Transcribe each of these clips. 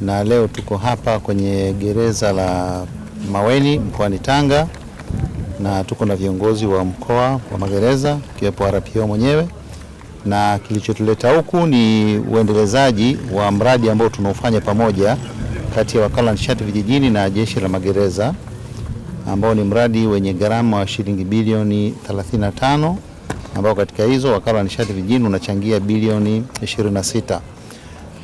na leo tuko hapa kwenye gereza la Maweni mkoani Tanga na tuko na viongozi wa mkoa wa magereza kiwepo RPO mwenyewe, na kilichotuleta huku ni uendelezaji wa mradi ambao tunaofanya pamoja kati ya wakala nishati vijijini na jeshi la magereza ambao ni mradi wenye gharama wa shilingi bilioni 35 ambao katika hizo wakala wa nishati vijijini unachangia bilioni 26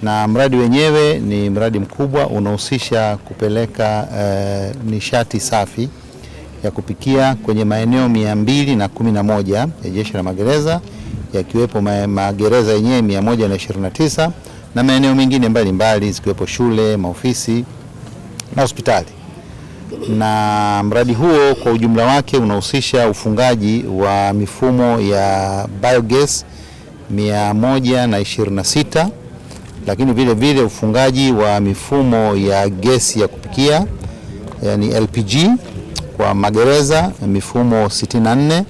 na mradi wenyewe ni mradi mkubwa unahusisha kupeleka uh, nishati safi ya kupikia kwenye maeneo mia mbili na kumi na moja ya jeshi la magereza yakiwepo magereza yenyewe mia moja na ishirini na tisa na maeneo mengine mbalimbali zikiwepo shule, maofisi na hospitali. Na mradi huo kwa ujumla wake unahusisha ufungaji wa mifumo ya biogas mia moja na ishirini na sita lakini vile vile ufungaji wa mifumo ya gesi ya kupikia yani LPG kwa magereza mifumo 64,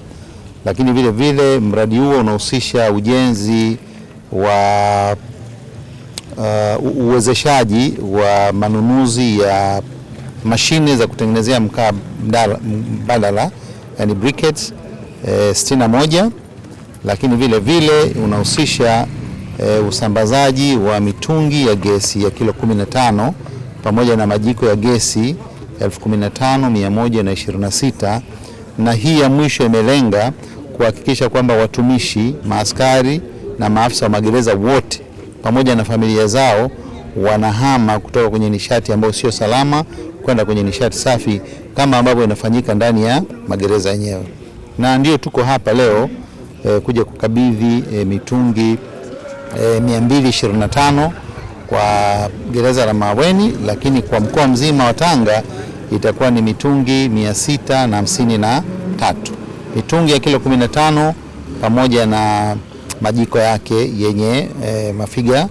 lakini vile vile mradi huo unahusisha ujenzi wa uh, uwezeshaji wa manunuzi ya mashine za kutengenezea mkaa mbadala yani briquettes 61, eh, lakini vile vile unahusisha e, usambazaji wa mitungi ya gesi ya kilo 15 pamoja na majiko ya gesi 15126 na hii ya mwisho imelenga kuhakikisha kwamba watumishi, maaskari na maafisa wa magereza wote pamoja na familia zao wanahama kutoka kwenye nishati ambayo sio salama kwenda kwenye nishati safi kama ambavyo inafanyika ndani ya magereza yenyewe, na ndio tuko hapa leo e, kuja kukabidhi e, mitungi e, eh, 225 kwa gereza la Maweni, lakini kwa mkoa mzima wa Tanga itakuwa ni mitungi 653 mitungi ya kilo 15 pamoja na majiko yake yenye e, mafiga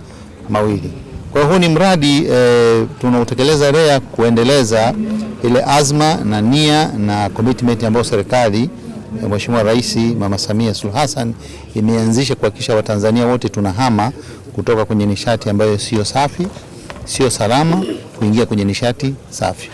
mawili. Kwa huu ni mradi e, tunautekeleza REA kuendeleza ile azma na nia na commitment ambayo serikali Mheshimiwa Rais Mama Samia Suluhu Hassan imeanzisha kuhakikisha Watanzania wote tunahama kutoka kwenye nishati ambayo sio safi, sio salama kuingia kwenye nishati safi.